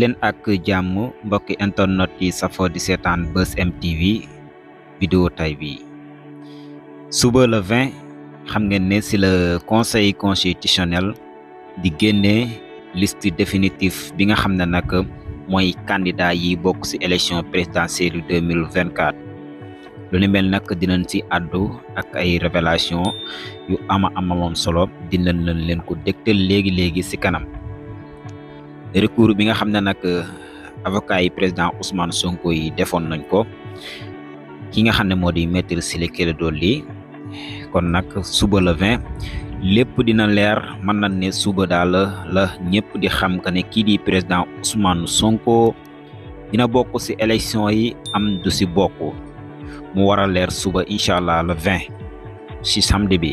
leen ak jàmm mbokki internet yi safo di seetaan Buzz M TV vidéo tay bi suba le 20 xam ngeen ne si la conseil constitutionnel di génne list definitif bi nga xam ne nag mooy candidat yi bokk ci élection présidentielle 2024 lu ni melni nag dinañ ci àddu ak ay révélation yu ama ama moom solo dinañ leen ko dégtal léegi-léegi ci kanam recours bi nga xam ne nag euh, avocat yi président Ousmane Sonko yi defoon nañ ko ki nga xam ne moo di maître Ciré Clédor Ly kon nag suba la 20 lépp dina leer man nañ ne suba daal la ñëpp di xam que ne kii di président Ousmane Sonko dina bokk ci élection yi am du si bokk mu war a leer suba incha allah le 20 ci samedi bi.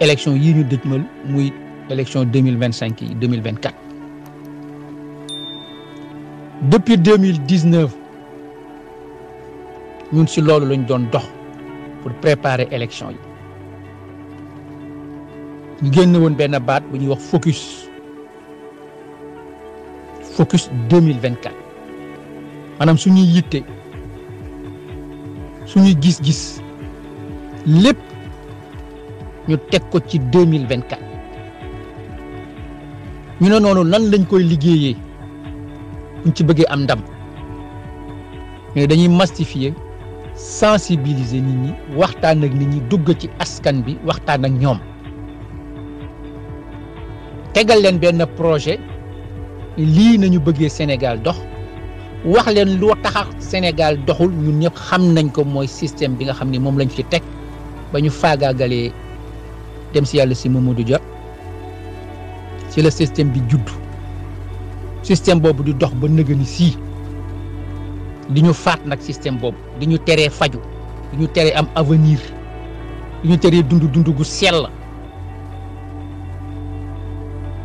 élection yi ñu muy élection 2025 et 2024 depuis 2019 nous ci sommes lañ doon dox pour préparer élection yi ñu génn pas benn baat bu ñuy wax focus focus 2024 maanaam suñuy yitte suñuy gis-gis lépp ñu teg ko ci deux mille vingt quatre ñu ne noonu nan lañ koy liggéeyee buñ ci bëggee am ndam mais dañuy massifier sensibiliser nit ñi waxtaan ak nit ñi dugg ci askan bi waxtaan ak ñoom tegal leen benn projet lii nañu bëggee Sénégal dox wax leen loo tax Sénégal doxul ñun ñëpp xam nañ ko mooy système bi nga xam ni moom lañ ci teg ba ñu faagaagalee dem si yàlla si Mamadou Dia si la système bi judd système boobu di dox ba nëgëni si di ñu faat nag système boobu di ñu teree faju di ñu teree am avenir di ñu teree dund dund gu sell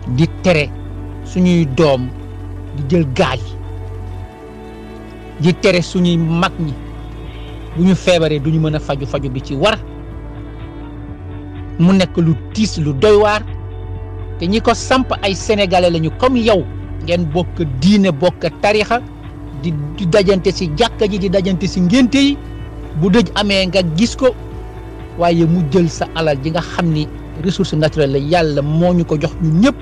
di tere suñuy doom di jël gaal di tere suñuy mag ñi bu ñu feebaree du ñu mën a faju faju bi ci war mu nekk lu tiis lu doy te ñi ko samp ay sénégalais lañu comme yow ngeen bokk diine bokk tarixa di dajante ci jàkka ji di dajante ci ngénte yi bu dëj amee nga gis ko waaye mu jël sa alal ji nga xam ni ressource naturel la yàlla moo ñu ko jox ñun ñëpp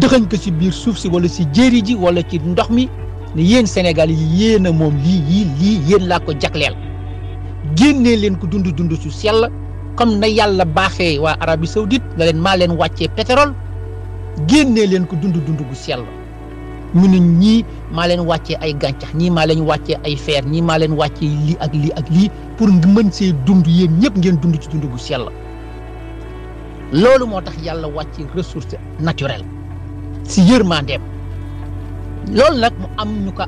dëxañ ko ci biir suuf si wala ci jéeri ji wala ci ndox mi ne yéen Sénégal yi yéen a moom lii yi lii yéen laa ko jagleel génnee leen ko dund dund su sell comme na yalla baxé wa arabie saoudite na len maa leen wàccee pétrole génnee len ko dund dund gu sel mu ñi ay gantax ñi malen leen ay fer ñi malen leen li lii ak li ak li pour mën see dund yéen ñep ngeen dund ci dund gu sel lolu motax yalla wacce ressource naturelle nak mu am ñu ko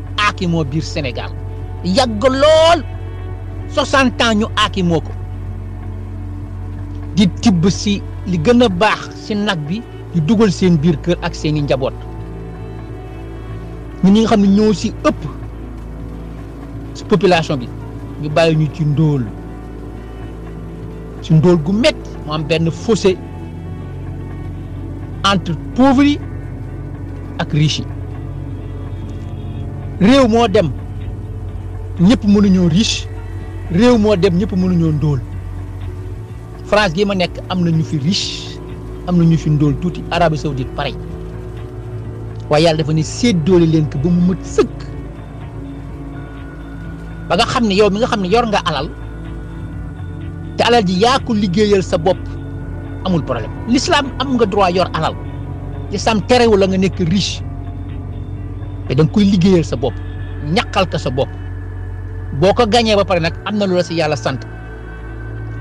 bir bir Sénégal yag lool 60 ans ñu di tibb si li gën a baax si nag bi di dugal seen biir kër ak seeni njaboot ñun ñi nga xam ne ñoo si ëpp si population bi ñu bàyyi ñu ci ndóol si ndóol gu métti mu am benn fossé entre pauvres ak riche yi réew moo dem ñëpp mënuñoo riche réew moo dem ñëpp mënuñoo ndóol France gi ma nekk am na ñu fi riche am na ñu fi ndóol tuuti Arabie Saoudite pareil waaye yàlla dafa ne séddoole leen ko ba mu mët sëkk ba nga xam ne yow mi nga xam ne yor nga alal te alal ji yaa ko liggéeyal sa bopp amul problème lislaam am nga droit yor alal l'islam terewul la nga nekk riche te da koy liggéeyal sa bopp ñaqal sa bopp boo ko gañee ba pare nag am na lu la si yàlla sant.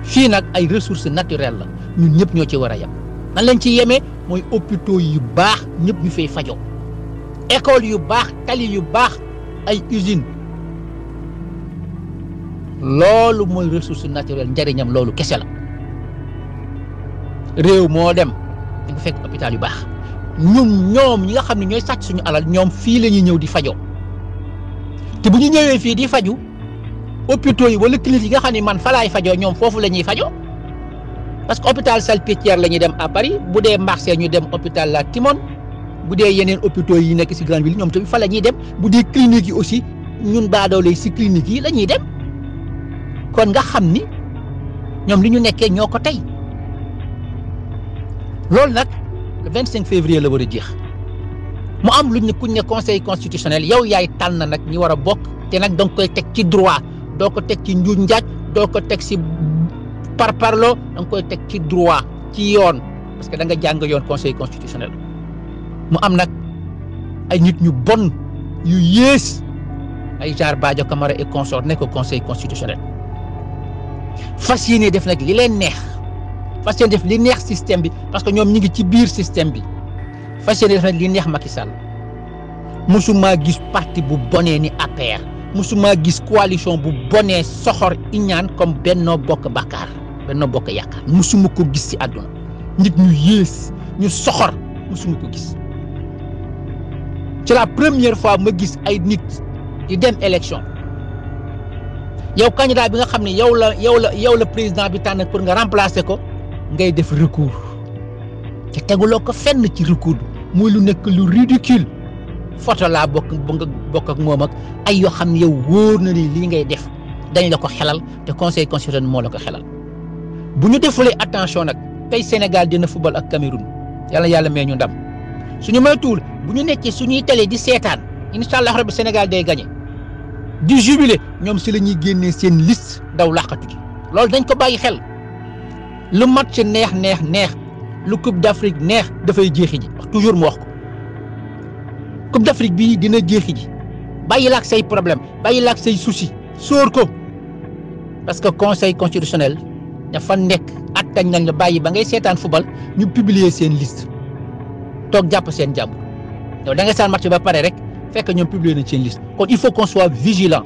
fii nag ay ressources naturelles la ñun ñëpp ñoo ci war a yem nan lañ ci yemee mooy hôpitaux yu baax ñëpp ñu fay fajo école yu baax tali yu baax ay usine loolu mooy ressource naturel njariñam loolu kese la réew moo dem nga fekk hôpital yu baax ñun ñoom ñi nga xam ne ñooy sàcc suñu alal ñoom fii la ñuy ñëw di fajo te bu ñu ñëwee fii di faju hôpitaux yi wala clinique yi nga xam ne man fa laay fajo ñoom foofu la ñuy fajoo parce que hôpital Salpêtrière la ñuy dem à Paris bu dee Marseille ñu dem hôpital La Timone bu dee yeneen hôpitaux yi nekk si grande ville ñoom tamit fa la ñuy dem bu dee clinique yi aussi ñun lay si clinique yi la ñuy dem kon nga xam ni ñoom li ñu nekkee ñoo ko tey loolu nag le 25 février la war a jeex mu am lu ñu kuñ ne conseil constitutionnel yow yaay tànn nag ñi war a bokk te nag danga koy teg ci droit. doo ko teg ci njuñ njaaj doo ko teg si parparloo da koy tek ci droit ci yoon parce que da nga jang yoon conseil constitutionnel mu am nak ay nit ñu bon yu yes ay jaar Badio kamara et consort nek conseil constitutionnel fasiyene def nak li len neex fasiyene def li neex système bi parce que ñom ñi ngi ci biir système bi fasiyene def nak li neex Macky Sall musuma gis parti bu boné ni APR musuma gis coalition bu bonee soxor iñan comme benno bokk bakar benno bokk yaakaar musuma ko gis ci aduna nit ñu yes ñu soxor musuma ko gis ci la première fois ma gis ay nit di dem élection yow candidat bi nga xamni yow la yow la yow la président bi tan pour nga remplacer ko ngay def recours te teguloo ko fenn ci recours moy lu nek lu ridicule foto la bokk bokk ak moom ak ay yo xam yow wóor na ni li ngay def dañ la ko xelal te conseil constitutionnel mo la ko xelal buñu defulé attention nak tay Sénégal dina football ak Cameroun Yalla yalla, mee ñu ndam suñu may bu buñu nekkee suñuy télé di seetaan inshallah allah rabbi Sénégal day gagner di jubilé ñom ci lañuy ñuy seen liste daw làqatu ji lool dañ ko bàyyi xel lu match neex neex neex lu coupe d'Afrique neex fay jexi ji toujours mo wax ko. Coupe d'Afrique bi dina jeexi ji bàyyi la say problème bayi lak ak say souci sóor ko parce que conseil constitutionnel fa nek attañ nañ la bayi ba ngay sétane football ñu publier sen liste tok japp sen jàmm donc da nga saan match ba paré rek fekk ñom publier nañ seen liste kon il faut qu'on soit vigilant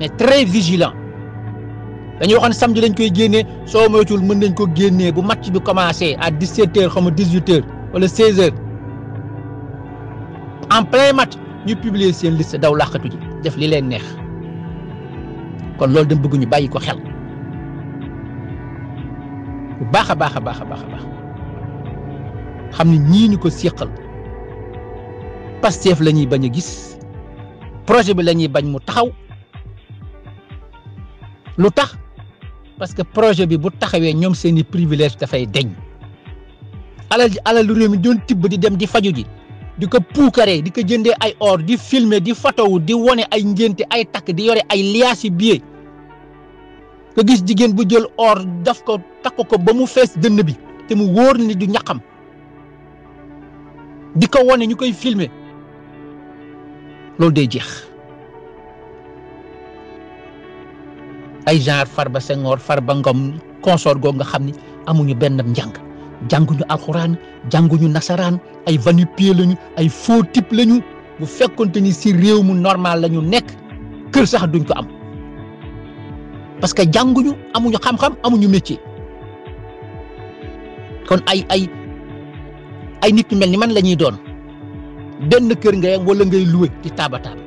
mais très vigilant dañu waxoon samedi lañ koy génnee so moytuwul mën nañ ko génnee bu match bi commencé à 17 heures xam 18 heures wala 16 heures en plein match ñu publier une liste daw làqatu ji def li leen neex kon loolu xel projet bi bañ parce que projet bi privilège di ko puukaree di ko jëndee ay or di filmer di fotowu di wone ay ngénte ay takk di yore ay liaasi biee nga gis jigéen bu jël or daf ko takk ko ba mu fees dënn bi te mu wóor ni du ñaqam di ko wone ñu koy filmer loolu day jeex ay genre Farba Senghor Farba Ngom consort googu nga xam ni amuñu benn njàng jànguñu alxuraan jànguñu nasaraan ay vanipie lañu ay faux type lañu bu fekkonte ni si réew mu normal lañu nekk kër sax duñ ko am parce que jànguñu amuñu xam-xam amuñu métier kon ay ay ay nit ñu mel ni man la ñuy doon benn kër ngay wala ngay loué di taaba taaba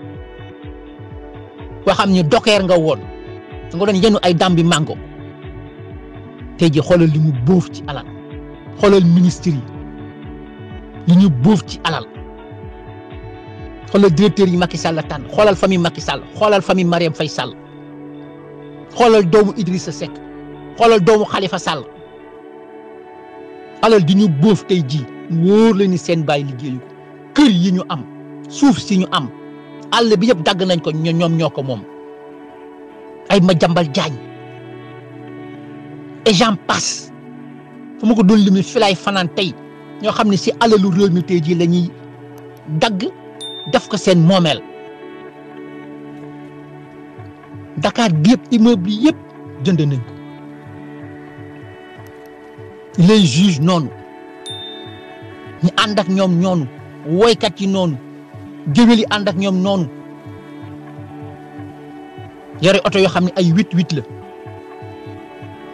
koo xam ni dokeer nga woon nga doon yenu ay dambi mango tey ji xoolal li mu bóof ci alal xoolal ministre yi li ñu buuf ci alal xoolal directeur yi Macky Sall la tànn xoolal famille Macky Sall xoolal fami Mariam Faye Sall xoolal doomu Idrissa Seck xoolal doomu Khalifa sal alal di ñu buuf tey ji wóor la ni seen bàyyi liggéeyu ko kër yi ñu am suuf si ñu am àll bi yëpp dagg nañ ko ñoom ñoo ko moom ay ma jambal jaañ et j'en fu Je ko doon lim fi tey ñoo xam ne si alalu réew mi tey jii la ñuy dagg def ko seen moomeel Dakar bi yëpp immeuble yëpp nañ ko les juges noonu ñu ànd ak ñoom noonu woykat yi noonu yi ànd ak ñoom noonu yore oto ay huit huit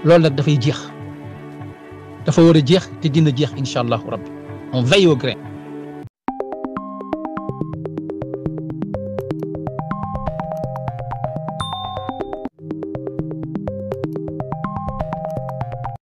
la loolu dafa war a jeex te dina jeex incha allahu rabbi on veille au grain